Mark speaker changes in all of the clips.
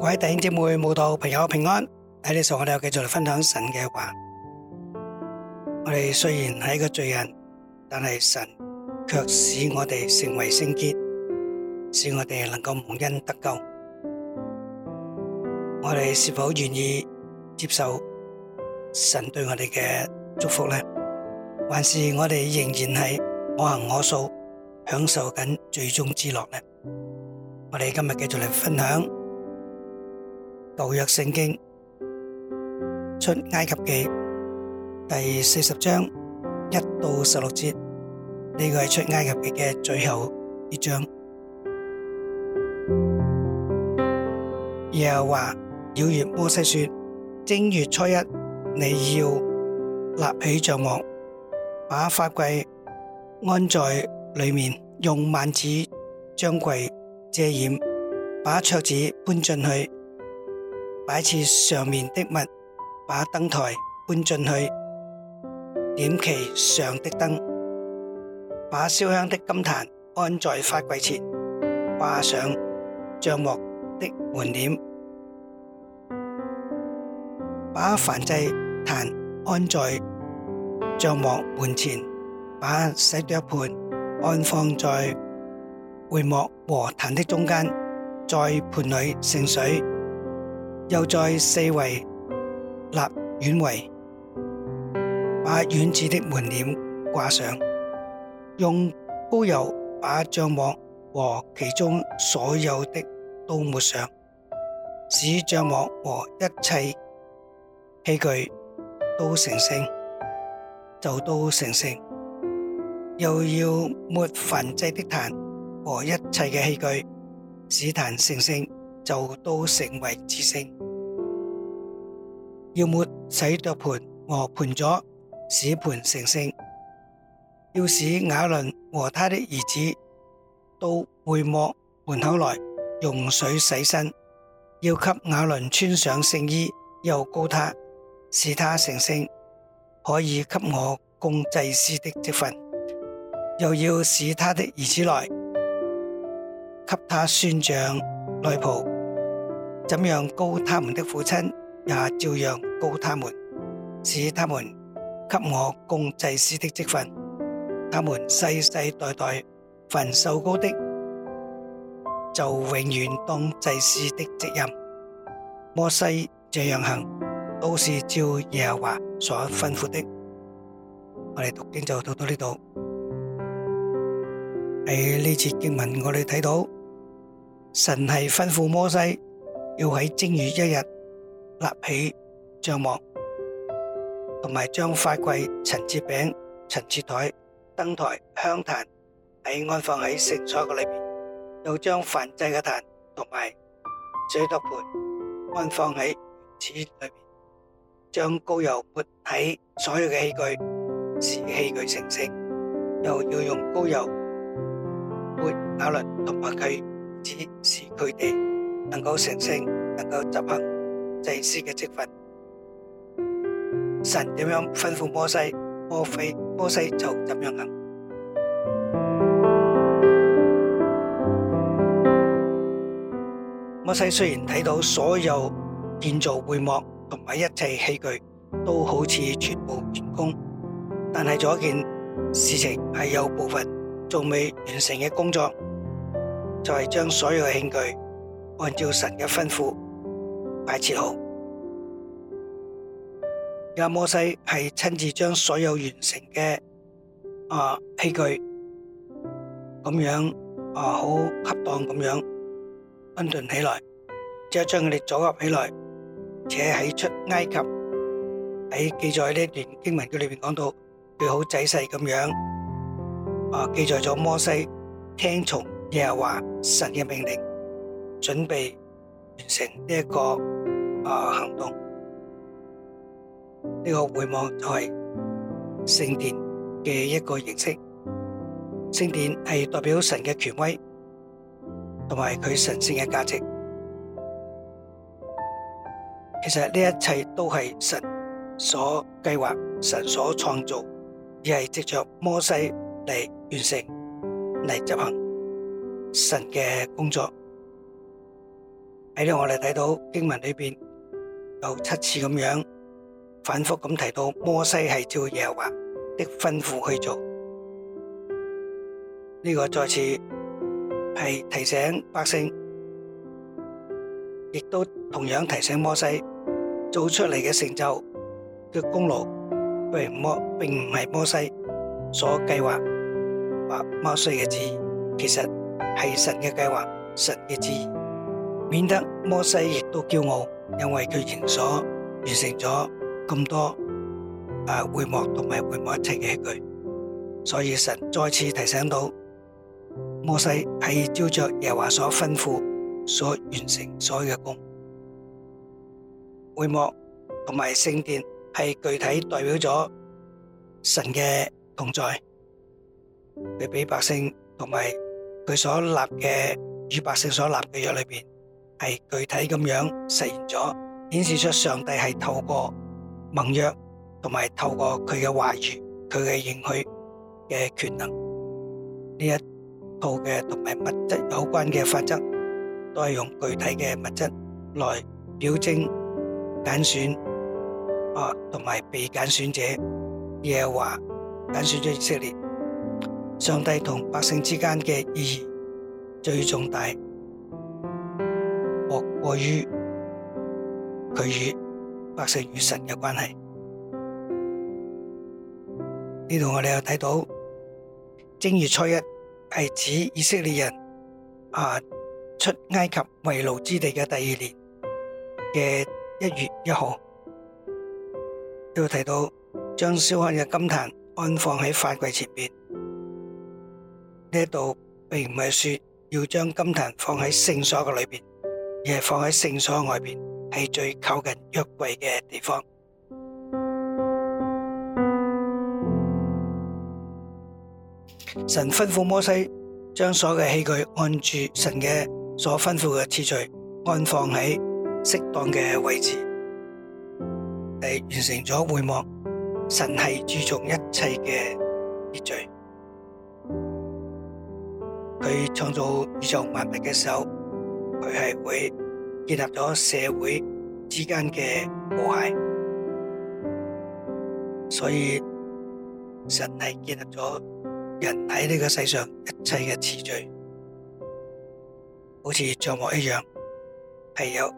Speaker 1: 各位弟兄姊妹、慕道朋友平安。喺呢度，我哋又繼續嚟分享神嘅話。我哋雖然係一個罪人，但係神卻使我哋成為聖潔，使我哋能夠蒙恩得救。我哋是否願意接受神對我哋嘅祝福呢？還是我哋仍然係我行我素，享受緊罪中之樂呢？我哋今日繼續嚟分享。舊約聖經出埃及記第四十章一到十六節，呢個係出埃及記嘅最後一章，耶和華曉諭摩西說，正月初一你要立起帳幕，把法櫃安在裏面，用幔子將櫃遮掩，把桌子搬進去。擺設上面的物，把燈台搬進去，點其上的燈，把燒香的金壇安在法櫃前，掛上帳幕的門簾，把燔祭壇安在帳幕門前，把洗腳盆安放在會幕和壇的中間，在盆裏盛水。又在四圍立院帷，把院子的門簾掛上，用膏油把帳幕和其中所有的都抹上，使帳幕和一切器具都成聖，就都成聖。又要抹燔祭的壇和一切嘅器具，使壇成聖。就都成為知聖，要抹洗盆盆着盤和盤咗使盤成聖，要使亞倫和他的兒子到會幕門口來用水洗身，要給亞倫穿上聖衣，又告他使他成聖，可以給我供祭司的職分；又要使他的兒子來給他宣講內袍。怎樣膏他們的父親，也照樣膏他們，使他們給我供祭司的職分。他們世世代代凡受膏的，就永遠當祭司的職任。摩西這樣行，都是照耶和華所吩咐的。我哋讀經就讀到呢度。喺呢次經文，我哋睇到神係吩咐摩西。要喺正月一日立起帳幕，同埋將法櫃、陳設餅、陳設檯、燈檯、香壇喺安放喺聖所嘅裏面。又將燔祭嘅壇同埋水托盤安放喺此裏面。將膏油抹喺所有嘅器具，使器具成聖，又要用膏油抹亞倫同埋佢仔，使佢哋。能夠成聖，能夠執行祭司嘅職分，神點樣吩咐摩西，摩非，摩西就咁樣行。摩西雖然睇到所有建造會幕同埋一切器具都好似全部完工，但係仲有一件事情係有部分仲未完成嘅工作，就係將所有器具，按照神嘅吩咐擺設好，而家摩西係親自將所有完成嘅啊器具咁樣啊好恰當咁樣安頓起來，即係將佢哋組合起來，且喺出埃及喺記載呢一段經文嘅裏邊講到，佢好仔細咁樣啊記載咗摩西聽從耶和華神嘅命令。準備完成呢一個啊行動，呢個會幕就係聖殿嘅一個形式。聖殿係代表神嘅權威，同埋佢神聖嘅價值。其實呢一切都係神所計劃、神所創造，而係藉着摩西嚟完成、嚟執行神嘅工作。喺呢，我哋睇到經文裏邊有七次咁樣反復咁提到摩西係照耶和華的吩咐去做，呢個再次係提醒百姓，亦都同樣提醒摩西，做出嚟嘅成就嘅功勞，唔係摩並唔係摩西所計劃或摩西嘅旨意，其實係神嘅計劃，神嘅旨意。免得摩西亦都驕傲，因為佢仍所完成咗咁多誒會幕同埋會幕一齊嘅器具，所以神再次提醒到摩西係照着耶和華所吩咐所完成所有嘅工，會幕同埋聖殿係具體代表咗神嘅同在，佢俾百姓同埋佢所立嘅與百姓所立嘅約裏邊。係具體咁樣實現咗，顯示出上帝係透過盟約，同埋透過佢嘅話語、佢嘅應許嘅權能，呢一套嘅同埋物質有關嘅法則，都係用具體嘅物質來表徵揀選，啊，同埋被揀選者耶華揀選咗以色列，上帝同百姓之間嘅意義最重大。於與與關於佢與百姓與神嘅關係，呢度我哋又睇到正月初一係指以色列人啊出埃及為奴之地嘅第二年嘅一月一號，要提到將燒香嘅金壇安放喺法櫃前面。呢度並唔係說要將金壇放喺聖所嘅裏面。亦係放喺聖所外邊，係最靠近約櫃嘅地方。神吩咐摩西將所有器具按住神嘅所吩咐嘅次序安放喺適當嘅位置，係完成咗會幕。神係注重一切嘅秩序，佢創造宇宙萬物嘅時候，佢係會建立咗社會之間嘅和諧，所以神係建立咗人喺呢個世上一切嘅次序，好似帳幕一樣，係有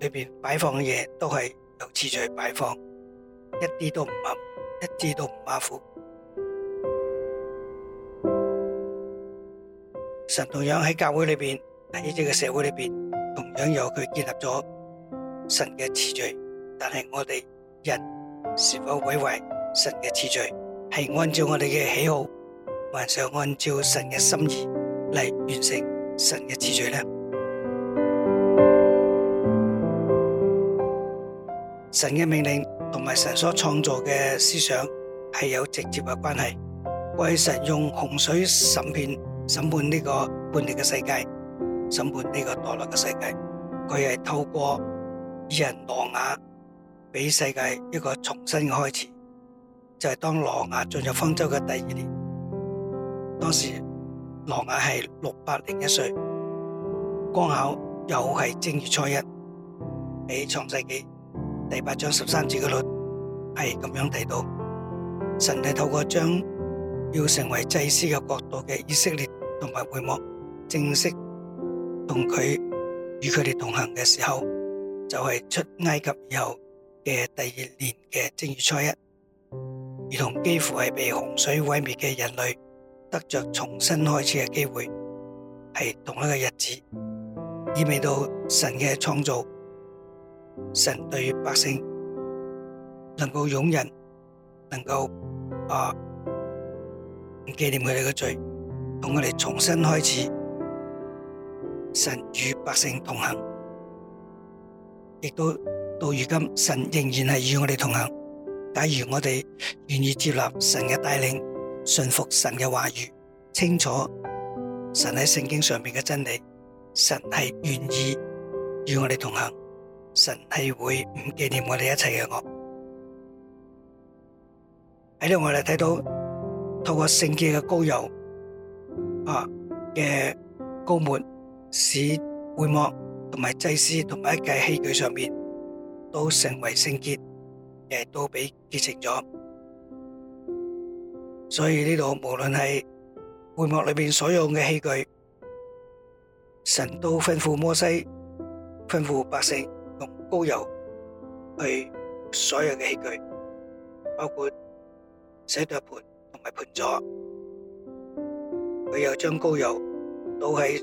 Speaker 1: 裏邊擺放嘅嘢都係由次序擺放，一啲都唔暗，一啲都唔馬虎。神同樣喺教會裏邊。喺呢個社會裏邊，同樣有佢建立咗神嘅次序，但係我哋人是否毀壞神嘅次序，係按照我哋嘅喜好，還是按照神嘅心意嚟完成神嘅次序呢？神嘅命令同埋神所創造嘅思想係有直接嘅關係。為神用洪水審判審判呢個叛逆嘅世界。審判呢個墮落嘅世界，佢係透過義人挪亞俾世界一個重新嘅開始，就係當挪亞進入方舟嘅第二年，當時挪亞係六百零一歲，剛巧又係正月初一，喺創世記第八章十三節嗰度係咁樣提到，神係透過將要成為祭司嘅國度嘅以色列同埋會幕正式。同佢與佢哋同行嘅時候，就係出埃及以後嘅第二年嘅正月初一，而同幾乎係被洪水毀滅嘅人類得着重新開始嘅機會，係同一個日子，意味到神嘅創造，神對百姓能夠容忍，能夠啊唔紀念佢哋嘅罪，同佢哋重新開始。神與百姓同行，亦都到如今，神仍然係與我哋同行。假如我哋願意接納神嘅帶領，信服神嘅話語，清楚神喺聖經上邊嘅真理，神係願意與我哋同行，神係會唔紀念我哋一切嘅惡。喺度我哋睇到透過聖潔嘅膏油啊嘅膏抹。使會幕同埋祭司同埋一切器具上面都成為聖潔，亦都俾潔淨咗。所以呢度無論係會幕裏面所有嘅器具，神都吩咐摩西吩咐百姓用膏油去所有嘅器具，包括洗腳盤同埋盤座。佢又將膏油倒喺。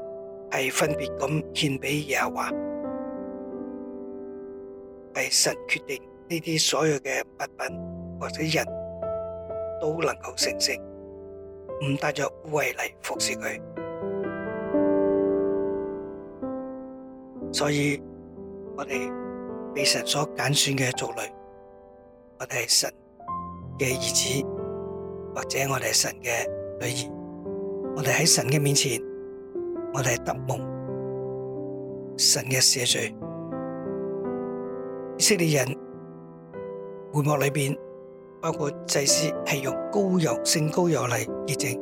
Speaker 1: 係分別咁獻俾耶和華。係神決定呢啲所有嘅物品或者人都能夠成聖，唔帶着污穢嚟服侍佢。所以，我哋被神所揀選嘅族類，我哋係神嘅兒子，或者我哋係神嘅女兒，我哋喺神嘅面前。我哋係得蒙神嘅赦罪。以色列人會幕裏邊，包括祭司係用膏油、聖膏油嚟潔淨，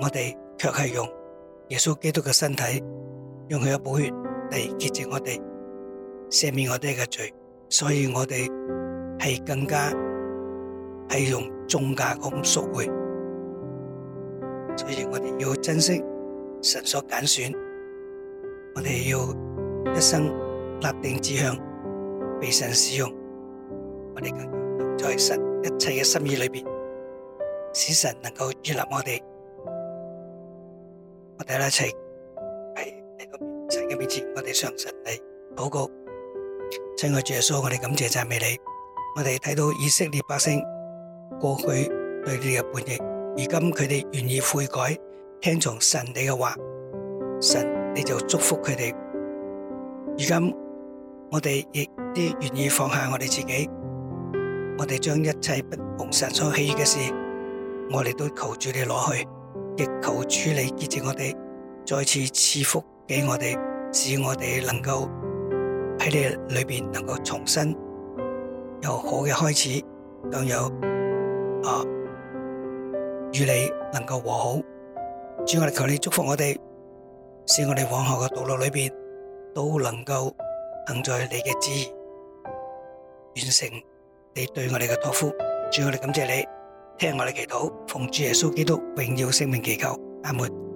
Speaker 1: 我哋卻係用耶穌基督嘅身體，用佢嘅寶血嚟潔淨我哋，赦免我哋嘅罪。所以我哋係更加係用重價咁贖回。所以我哋要珍惜。神所揀選，我哋要一生立定志向，被神使用。我哋更要在神一切嘅心意裏面，使神能夠悅納我哋。我哋一齊喺神嘅面前，我哋向神嚟禱告。親愛的耶穌，我哋感謝讚美你。我哋睇到以色列百姓過去對你嘅叛逆，而今佢哋願意悔改。聽從神你嘅話，神你就祝福佢哋。如今我哋亦都願意放下我哋自己，我哋將一切不蒙神所喜嘅事，我哋都求主你攞去，亦求主你接住我哋再次賜福俾我哋，使我哋能夠喺你裏面能夠重新有好嘅開始，更有啊與你能夠和好。主，我哋求你祝福我哋，使我哋往後嘅道路裏邊都能夠行在你嘅旨意，完成你對我哋嘅託付。主，我哋感謝你，聽我哋祈禱，奉主耶穌基督榮耀聖名祈求，阿門。